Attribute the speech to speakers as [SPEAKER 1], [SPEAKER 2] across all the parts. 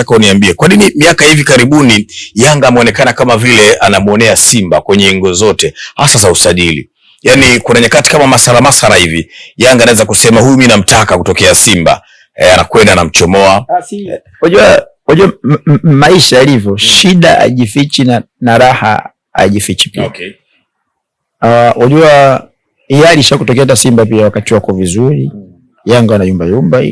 [SPEAKER 1] nataka uniambie kwa nini miaka hivi karibuni Yanga ameonekana kama vile anamwonea Simba kwenye ingo zote, hasa za usajili. Yani kuna nyakati kama masara masara hivi, Yanga anaweza kusema huyu mimi namtaka kutokea Simba e, anakwenda anamchomoa.
[SPEAKER 2] Ah, eh. Unajua, maisha yalivyo, mm. shida ajifichi na, na raha ajifichi pia. Okay. Ah, unajua uh, kutokea hata Simba pia wakati wako vizuri, mm. Yanga wanayumba yumba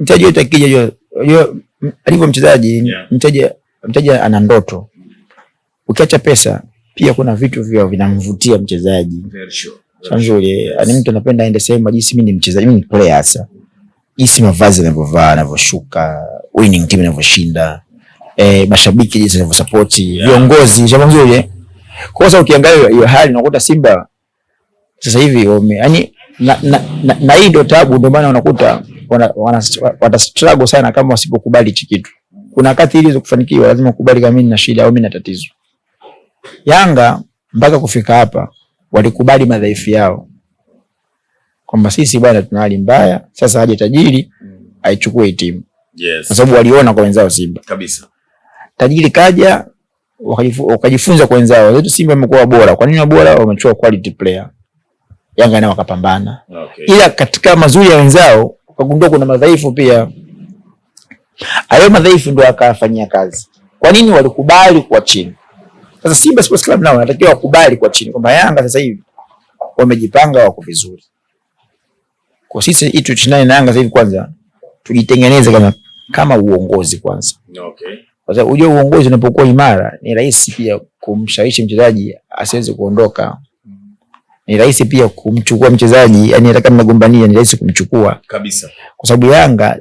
[SPEAKER 2] mtaji wetu akija, unajua alivyo mchezaji yeah. mteja mchezaji ana ndoto, ukiacha pesa pia kuna vitu vya vinamvutia mchezaji Shanzuri, yaani mtu anapenda aende sehemu jinsi mimi ni mchezaji, mimi ni player hasa. Jinsi mavazi yanavyovaa, yanavyoshuka, winning team inavyoshinda. Eh, mashabiki jinsi wanavyosupport, viongozi Shanzuri. Eh. Kwa sababu ukiangalia hiyo hali unakuta Simba sasa hivi yani na, na na, hii ndio taabu, ndio maana unakuta wana, struggle sana kama wasipokubali hichi kitu. Kuna kati ili kufanikiwa lazima ukubali kama mimi nina shida au mimi na tatizo. Yanga mpaka kufika hapa walikubali madhaifu yao kwamba sisi bwana tuna hali mbaya, sasa aje tajiri aichukue timu. Yes. Kwa sababu waliona kwa wenzao Simba. Kabisa. Tajiri kaja wakajifunza kwa wenzao. Wetu Simba imekuwa bora. Kwa nini bora? Wamechukua quality player. Yanga nao wakapambana. Okay. Ila katika mazuri ya wenzao akagundua kuna madhaifu pia. Hayo madhaifu ndio akafanyia kazi. Kwa nini walikubali kwa chini? Sasa Simba Sports Club nao wanatakiwa wakubali kwa chini kwamba Yanga sasa hivi wamejipanga, wako vizuri. Kwa sisi hii tuchinane na Yanga sasa hivi, kwanza tujitengeneze kama kama uongozi kwanza, okay. Kwa sababu unajua uongozi unapokuwa imara ni rahisi pia kumshawishi mchezaji asiweze kuondoka ni rahisi pia kumchukua mchezaji yani, hata kama nagombania ni rahisi kumchukua kabisa, kwa sababu Yanga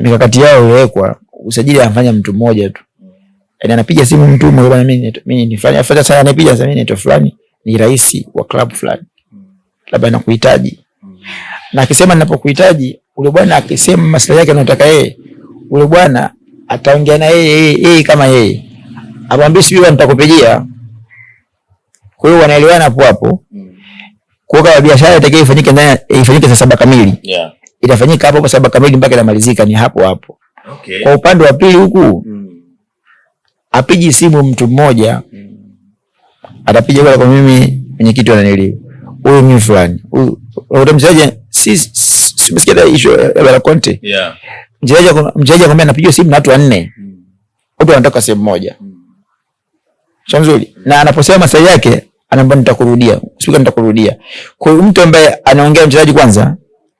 [SPEAKER 2] mikakati yao iliyowekwa usajili anafanya mtu mmoja tu, yani anapiga simu mtu mmoja, bwana, mimi mimi ni nifanye afadhali sana, anapiga sana, mimi ni fulani, ni rais wa club fulani, labda nakuhitaji, na akisema ninapokuhitaji, ule bwana akisema maslahi yake anataka yeye, ule bwana ataongea na yeye yeye kama yeye amwambie, sio, nitakupigia. Kwa hiyo wanaelewana hapo hapo mm. Kwa hiyo biashara itakiwa ifanyike ndani ifanyike saa saba kamili. Yeah. Itafanyika hapo saa saba kamili mpaka inamalizika ni hapo hapo. Okay. Kwa upande wa pili huku mm. apiji simu mtu mmoja mm. atapiga kwa kwa mimi mwenyekiti ananili. Huyu mimi fulani. Huyu utamzaje si simsikia si, si, issue ya Bara Conte. Yeah. Mchezaji mchezaji akwambia anapiga simu na watu wanne. Mm. watu wanataka sehemu moja. Mm. Shamzuri. Mm. Na anaposema sahihi yake anaambia nitakurudia. Spika nitakurudia. Kwa hiyo mtu ambaye anaongea mchezaji kwanza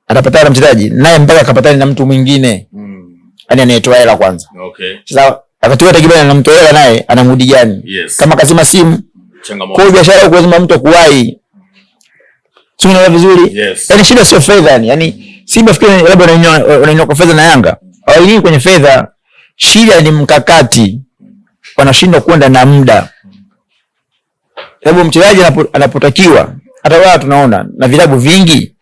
[SPEAKER 2] atapatana na mchezaji naye mpaka akapatana na mtu mwingine. Mm. Yaani anayetoa hela kwanza. Okay. Sasa akatoa na mtu hela naye anamrudi gani? Yes. Kama kazima simu. Changamoto. Kwa biashara kwa lazima mtu Sio na vizuri. Yes. Yaani shida sio fedha yani. Yaani Simba fikiri labda wanainua kwa fedha na Yanga. Hawaingii kwenye fedha. Shida ni mkakati. Wanashindwa kwenda na muda sababu mchezaji anapotakiwa hata wao tunaona na vilabu vingi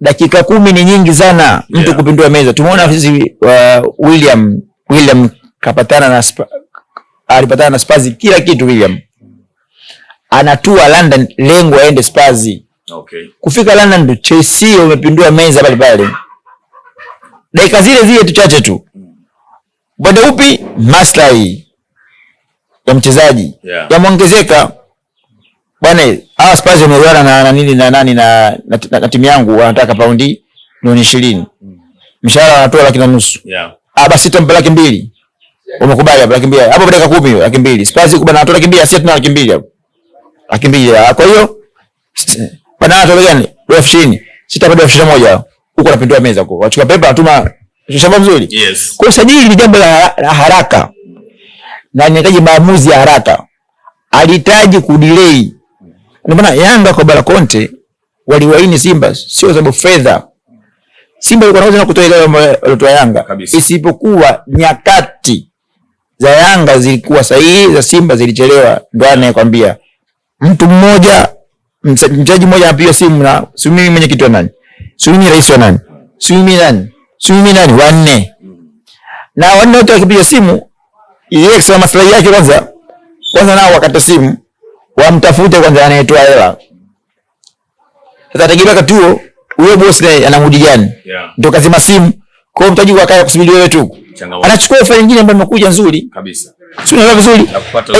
[SPEAKER 2] dakika kumi ni nyingi sana mtu yeah, kupindua meza. Tumeona hizi uh, William William kapatana na spa, alipatana na Spurs kila kitu. William anatua London, lengo aende Spurs Okay, kufika London ndo Chelsea umepindua meza pale pale, dakika zile zile tu chache tu. Upande upi maslahi ya mchezaji yeah, yameongezeka bwana, hawa Spurs wameruana na nini na nani na na timu yangu, wanataka paundi milioni ishirini mshahara wanatoa laki na nusu yeah. Ah, basi tutampa laki mbili umekubali hapo, laki mbili hapo, dakika kumi laki mbili Spurs kubana anatoa laki mbili sasa tuna laki mbili hapo, laki mbili ah, kwa hiyo bwana anatoa gani elfu ishirini sita bado elfu ishirini moja huko napindua meza huko, wachukua pepa natuma shamba mzuri yes. Kwa usajili ni jambo la haraka na inahitaji maamuzi ya haraka, alihitaji kudelay ndio maana Yanga kwa Bala Conte waliwaini Simba sio sababu fedha. Simba ilikuwa inaweza kutoa ile waliotoa Yanga, isipokuwa nyakati za Yanga zilikuwa sahihi, za Simba zilichelewa. Ndio anayekwambia mtu mmoja, mchezaji mmoja anapiga simu na si mimi mwenye kitu nani, si mimi rais wa nani, si mimi nani, si mimi nani, wanne na wanne wote wakipiga simu, yeye kwa maslahi yake kwanza kwanza, nao wakata simu wamtafute kwanza anayetoa hela. Sasa tegemea wakati huo huyo bosi naye ana mudi gani? Yeah. Ndio kazima simu. Kwa hiyo mtaji kaya kusubiri wewe tu. Anachukua ofa nyingine ambayo imekuja nzuri. Kabisa. Sio ndio vizuri?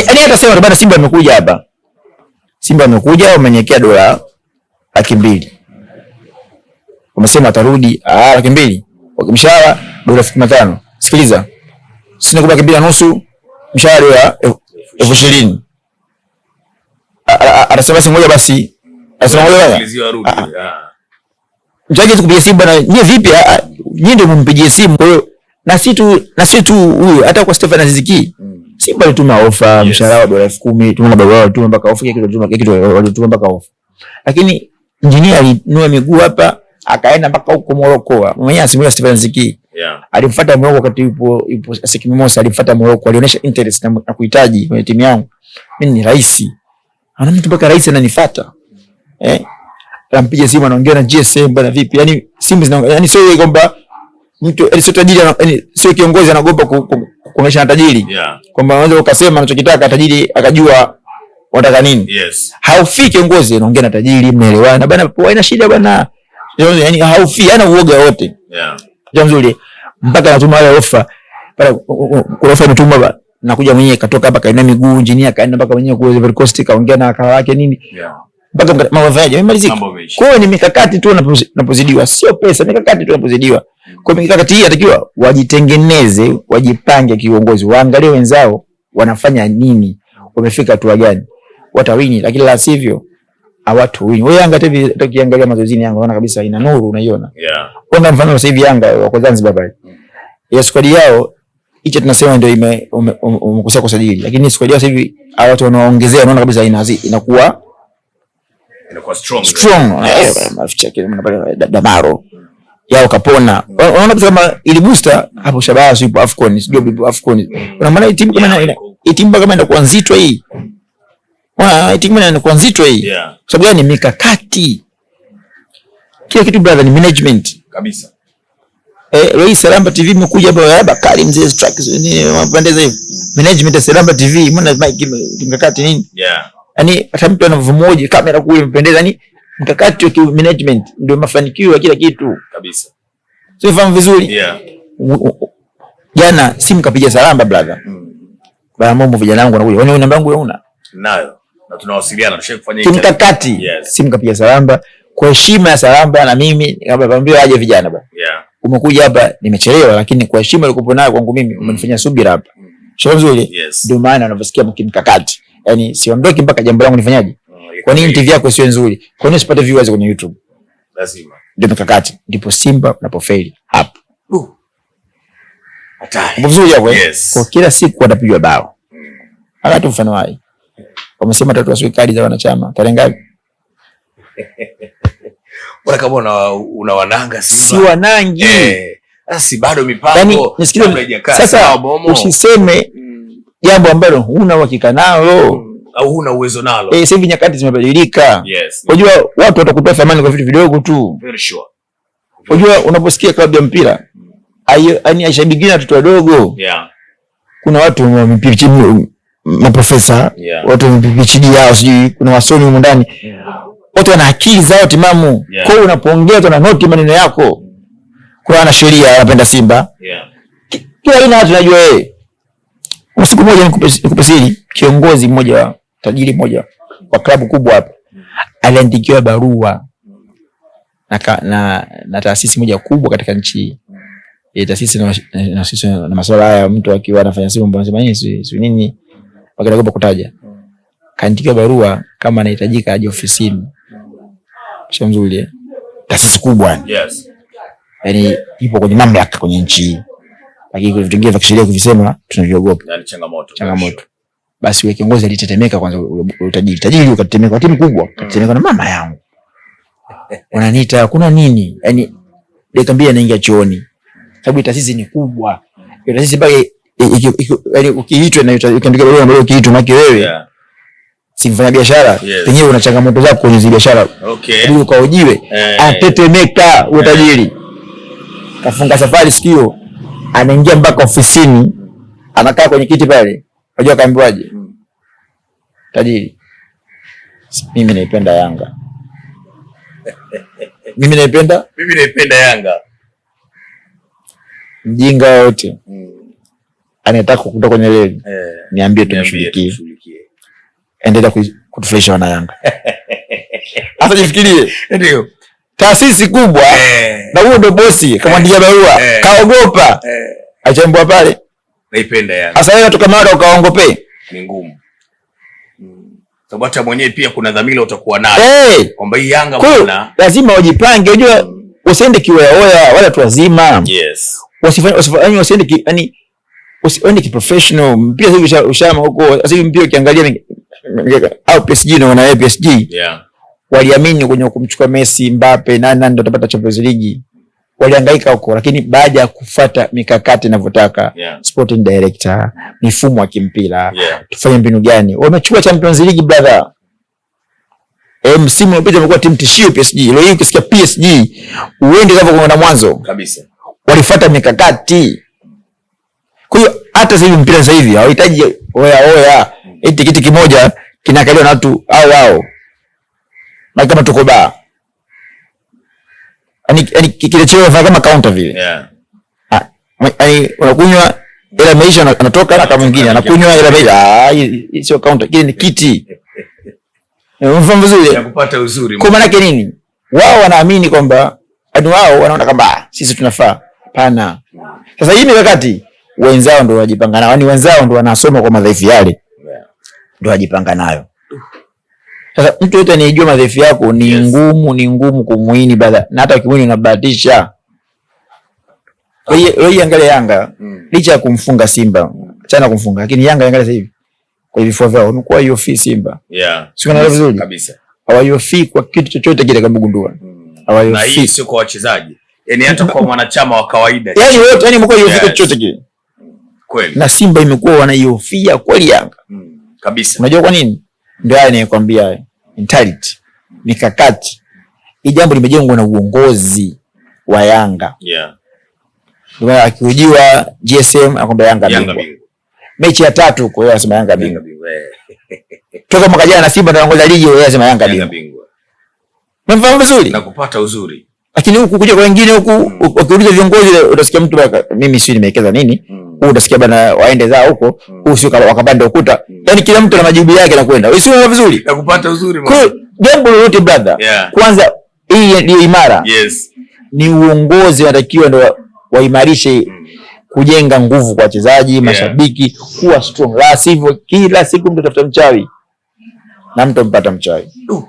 [SPEAKER 2] Yaani hata sema bwana Simba amekuja hapa. Simba amekuja wamenyekea dola laki mbili. Wamesema atarudi ah, laki mbili. Mshahara dola 65. Sikiliza. Sina kubaki bila nusu mshahara dola elfu ishirini anasema si moja basi, anasema moja basi, mchezaji ah. kupiga simu bana, nyie vipi? Ah, ah, nyie ndio mumpigie simu. Kwa hiyo na si tu na si tu huyo, hata kwa Stefan Aziziki mm. Simba tuma ofa, mshahara wa dola elfu tuma tuma barua, tuma mpaka ofa, kitu tuma kitu walituma mpaka ofa, lakini injinia alinua miguu hapa, akaenda mpaka huko Moroko. Mwenye asimulia Stefan Aziziki yeah, alimfuata Moroko wakati yupo yupo Sekimimosa, alimfuata Moroko, alionyesha interest na kuhitaji kwenye timu yangu, mimi ni rahisi ana mtu mpaka rais ananifuata. Eh? Anampiga simu anaongea na GSM bwana vipi? Yani simu zina yani, sio yeye kwamba mtu yani sio tajiri yani sio kiongozi anaogopa kuonesha na tajiri. Yeah. Kwamba anaweza ukasema anachokitaka tajiri akajua wanataka nini. Yes. Haufii kiongozi anaongea na tajiri mnaelewana. Bwana haina shida bwana. yani yaani haufii hana uoga wote. Yeah. Jamzuri mpaka anatuma wale ofa. Kuna ofa bwana nakuja mwenyewe katoka hapa kaenda miguu injinia kaenda mpaka mwenyewe kwa Ivory Coast kaongea na wakala wake nini mpaka yeah. mambo yaje yamemalizika. Kwa hiyo ni mikakati tu unapozidiwa, sio pesa, mikakati tu unapozidiwa. Kwa hiyo mikakati hii inatakiwa wajitengeneze, wajipange kiongozi, waangalie wenzao wanafanya nini, wamefika hatua gani, watawini, lakini la sivyo hawatu wini. Wewe Yanga tv tukiangalia mazoezini Yanga unaona kabisa ina nuru, unaiona yeah. Kwa mfano sasa hivi Yanga wako Zanzibar pale, mm. ya squad yao hicho tunasema ndio ime umekosa kusajili, lakini siku sasa hivi hawa watu wanaongezea, unaona kabisa inakuwa inakuwa strong strong, eh, Damaro yao kapona, unaona kama ili booster hapo. Shabaa sipo Afcon, sio bibi Afcon, una maana timu kama ina timu kama ina inakuwa nzito hii, unaona timu ina inakuwa nzito hii, sababu gani? Mikakati, kila kitu brother, ni management kabisa eh, Rais Salamba TV imekuja hapa Bakari mzee strikes nini mapendeza hivi. Management ya Salamba TV mbona mic kimekati nini? Yeah. yani hata mtu ana mmoja kamera kule mpendeza ni yaani, mkakati wa management ndio mafanikio ya kila kitu kabisa. Sio fahamu vizuri? Yeah. Jana simu kapiga Salamba brother. Mm. Bana mambo vijana wangu wanakuja. Wewe namba yangu una?
[SPEAKER 1] Nayo. Na tunawasiliana tushakufanya hivi. Kimkakati. Yes.
[SPEAKER 2] Simu kapiga Salamba kwa heshima ya Salamba na mimi nikamwambia aje vijana bwana Yeah umekuja hapa nimechelewa, lakini kwa heshima ulikopo nayo kwangu mimi mm. umenifanyia subira hapa. Mm. Shauri nzuri. Ndio maana unavyosikia mkimkakati. Yaani siondoki mpaka jambo langu nifanyaje? Oh, kwa nini TV yako sio nzuri? Kwa nini usipate viewers kwenye YouTube? Lazima. Ndio mkakati. Ndipo Simba unapofeli hapo. Hatari. Mzuri hapo. Eh? Yes. Kwa kila siku wanapigwa bao. Mm. Hata mfano hai. Wamesema tatu wa serikali za wanachama. Tarehe ngapi?
[SPEAKER 1] bora kama una, una wananga si
[SPEAKER 2] wanangi
[SPEAKER 1] eh, asi bado mipango
[SPEAKER 2] yani, sasa usiseme mm. jambo mm, ambalo huna uhakika nalo mm,
[SPEAKER 1] au huna uwezo nalo
[SPEAKER 2] eh. Sasa hivi nyakati zimebadilika, yes, unajua watu watakupa thamani kwa vitu vidogo tu, very sure. Unajua unaposikia klabu ya mpira ani ashabiki na watoto wadogo yeah. Kuna watu maprofesa yeah. Watu mapipichiji yao sijui kuna wasomi huko ndani yeah watu wana akili zao timamu yeah. kwao unapoongea tuna noti maneno yako. Kwa ana sheria anapenda Simba yeah. Kila aina watu najua wewe. Kuna siku moja nikupe kiongozi mmoja tajiri mmoja wa klabu kubwa hapa aliandikiwa barua na, na, na taasisi moja kubwa katika nchi e, taasisi na, na, na, na masuala haya, mtu akiwa anafanya simu mbona sema nini si nini, wakati kutaja kaandikiwa barua kama anahitajika aje ofisini Shamzuri eh, taasisi kubwa yani, yes, yani ipo kwenye mamlaka kwenye nchi hii, lakini kwa vitu vingine vya kisheria kuvisema tunaviogopa,
[SPEAKER 1] yani changamoto
[SPEAKER 2] changamoto. Basi yule kiongozi alitetemeka kwanza, utajiri tajiri ukatetemeka, timu kubwa katetemeka, na mama yangu wananiita kuna nini? Yani dakika mbili anaingia chooni, sababu taasisi ni kubwa, taasisi bali yani ukiitwa na ukiambia barua ambayo ukiitwa maki wewe yeah si mfanya biashara yes. Penyewe una changamoto zako kwenye zile biashara okay. Ili ukaojiwe hey. Eh. Atetemeka uwe eh. tajiri kafunga safari sikio, anaingia mpaka ofisini, anakaa kwenye kiti pale, unajua kaambiwaje? hmm. Tajiri mimi naipenda Yanga mimi naipenda
[SPEAKER 1] mimi naipenda Yanga.
[SPEAKER 2] Mjinga yote hmm. anayetaka kukuta kwenye reli hey. Eh. niambie tumshughulikie endelea kutufurahisha wana Yanga. Hata jifikirie, ndio taasisi kubwa
[SPEAKER 1] eh.
[SPEAKER 2] na huyo ndo bosi, kamwandikia eh. barua eh. kaogopa, achambua pale.
[SPEAKER 1] Naipenda Yanga
[SPEAKER 2] hasa wewe toka mara ukaongope
[SPEAKER 1] ni ngumu mm. sababu hata mwenyewe pia kuna dhamira utakuwa
[SPEAKER 2] nayo
[SPEAKER 1] kwamba hii Yanga bwana,
[SPEAKER 2] lazima wajipange. Unajua, mm. usiende kiweaoya wala watu wazima, yes, wasifanye wasifanye, usiende ki, yani usiende ki professional. Mpira hivi ushama huko sasa hivi, mpira ukiangalia au PSG na na PSG yeah. Waliamini kwenye kumchukua Messi, Mbappe na nani ndio atapata Champions League. Walihangaika huko lakini baada ya kufata mikakati inavyotaka yeah. Sporting director, mifumo ya kimpira yeah. Tufanye mbinu gani? Wamechukua Champions League brother. Eh, msimu uliopita umekuwa timu tishio PSG. Leo hii ukisikia PSG uende hapo kwa mwanzo kabisa. Walifuata mikakati. Kwa hiyo hata sasa hivi mpira sasa hivi hawahitaji oya oya eti kiti kimoja kinakaliwa na watu au wao na kama tuko ba yani yani kile fanya kama counter vile yeah. Ah, yani unakunywa ila maisha anatoka na kama mwingine anakunywa ila imeisha. Ah, hii sio counter, kile ni kiti. Eh, Unafahamu vizuri
[SPEAKER 1] ya kupata uzuri.
[SPEAKER 2] Kwa maana yake nini? Wao wanaamini kwamba watu wao wanaona kwamba ah, sisi tunafaa. Hapana. Sasa hii ni wakati wenzao ndio wanajipanga na yaani wenzao ndio wanasoma kwa madhaifu yale ndo ajipanga nayo. Sasa mtu yote anijua madhaifu yako ni yes. Ngumu ni ngumu kumwini bala, na hata ukimwini unabahatisha. Kwa hiyo angalia Yanga mm. licha ya kumfunga Simba chana kumfunga, lakini Yanga angalia sasa hivi kwa vifua vyao wamekuwa hiyo fi Simba yeah. sio kana vizuri kabisa, hawayofi kwa kitu chochote kile kama gundua mm. hawayofi, na hii
[SPEAKER 1] sio kwa wachezaji, yani hata kwa mwanachama wa kawaida,
[SPEAKER 2] yani wote, yani mko hiyo yes. kitu chochote kile kweli, na Simba imekuwa wanaihofia kweli Yanga mm kabisa. Unajua kwa nini? Ndio haya ninayokuambia, mentality, mikakati. Hii jambo limejengwa na uongozi wa Yanga. Yeah. Ndio akiujiwa GSM akwambia Yanga bingwa. Mechi ya tatu huko yeye anasema Yanga bingwa. Eh. Toka mwaka jana na Simba ndio anaongoza ligi yeye anasema Yanga bingwa. Mmefahamu vizuri? Na
[SPEAKER 1] kupata uzuri.
[SPEAKER 2] Lakini huku kuja kwa wengine huku mm. ukiuliza viongozi utasikia mtu mimi sijui nimewekeza nini. Mm huu utasikia bana waende zao huko, huu mm. sio wakapanda ukuta. Mm. Yani kila mtu na majibu yake na kwenda, sio vizuri
[SPEAKER 1] na kupata uzuri mwa
[SPEAKER 2] jambo lolote brother. Yeah. Kwanza hii ndio imara. Yes. Ni uongozi unatakiwa ndio waimarishe mm. kujenga nguvu kwa wachezaji, mashabiki, yeah. kuwa strong. La sivyo kila siku mtu tafuta mchawi na mtu mpata mchawi. Uh.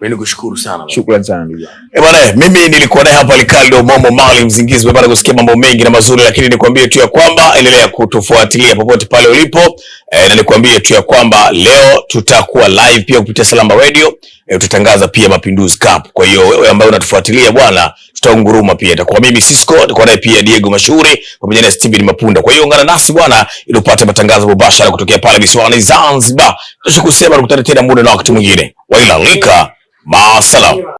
[SPEAKER 1] Mimi nikushukuru sana.
[SPEAKER 2] Shukrani sana ndugu Eh, bwana, eh, mimi nilikuwa naye hapa Ricardo Momo Mali Mzingizi. Umepata kusikia mambo mengi na mazuri, lakini nikwambie tu ya kwamba endelea kutufuatilia popote pale ulipo. Eh, na nikwambie tu ya kwamba leo tutakuwa live pia kupitia Salamba Radio. E, tutatangaza pia Mapinduzi Cup. Kwa hiyo wewe ambaye unatufuatilia bwana, tutaunguruma pia. Itakuwa mimi Cisco, itakuwa naye pia Diego Mashuhuri pamoja na Steven Mapunda. Kwa hiyo ungana nasi bwana ili upate matangazo mubashara kutokea pale visiwani Zanzibar. Tunashukuru sana, tukutane tena muda na wakati mwingine. Wailalika 麻死了！